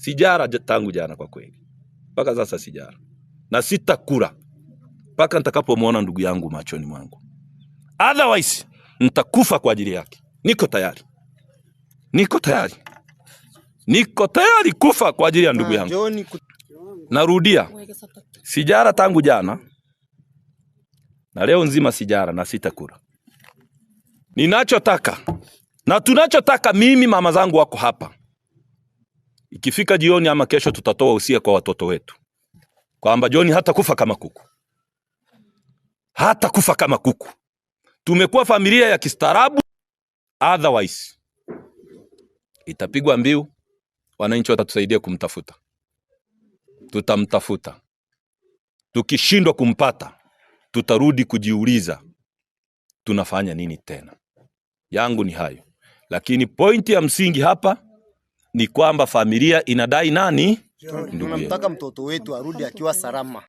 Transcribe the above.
Sijara tangu jana kwa kweli, mpaka sasa sijara na sitakura mpaka nitakapomwona ndugu yangu machoni mwangu, otherwise nitakufa kwa ajili yake. Niko tayari, niko tayari, niko tayari kufa kwa ajili ya ndugu ah, yangu. Narudia, sijara tangu jana na leo nzima sijara na sitakura. Ninachotaka na tunachotaka, mimi mama zangu wako hapa Ikifika jioni ama kesho, tutatoa usia kwa watoto wetu kwamba joni hata kufa kama kuku, hata kufa kama kuku. Tumekuwa familia ya kistaarabu, otherwise itapigwa mbiu, wananchi watatusaidia kumtafuta. Tutamtafuta, tukishindwa kumpata tutarudi kujiuliza tunafanya nini tena. Yangu ni hayo, lakini pointi ya msingi hapa ni kwamba familia inadai nani? Tunamtaka mtoto wetu arudi akiwa salama.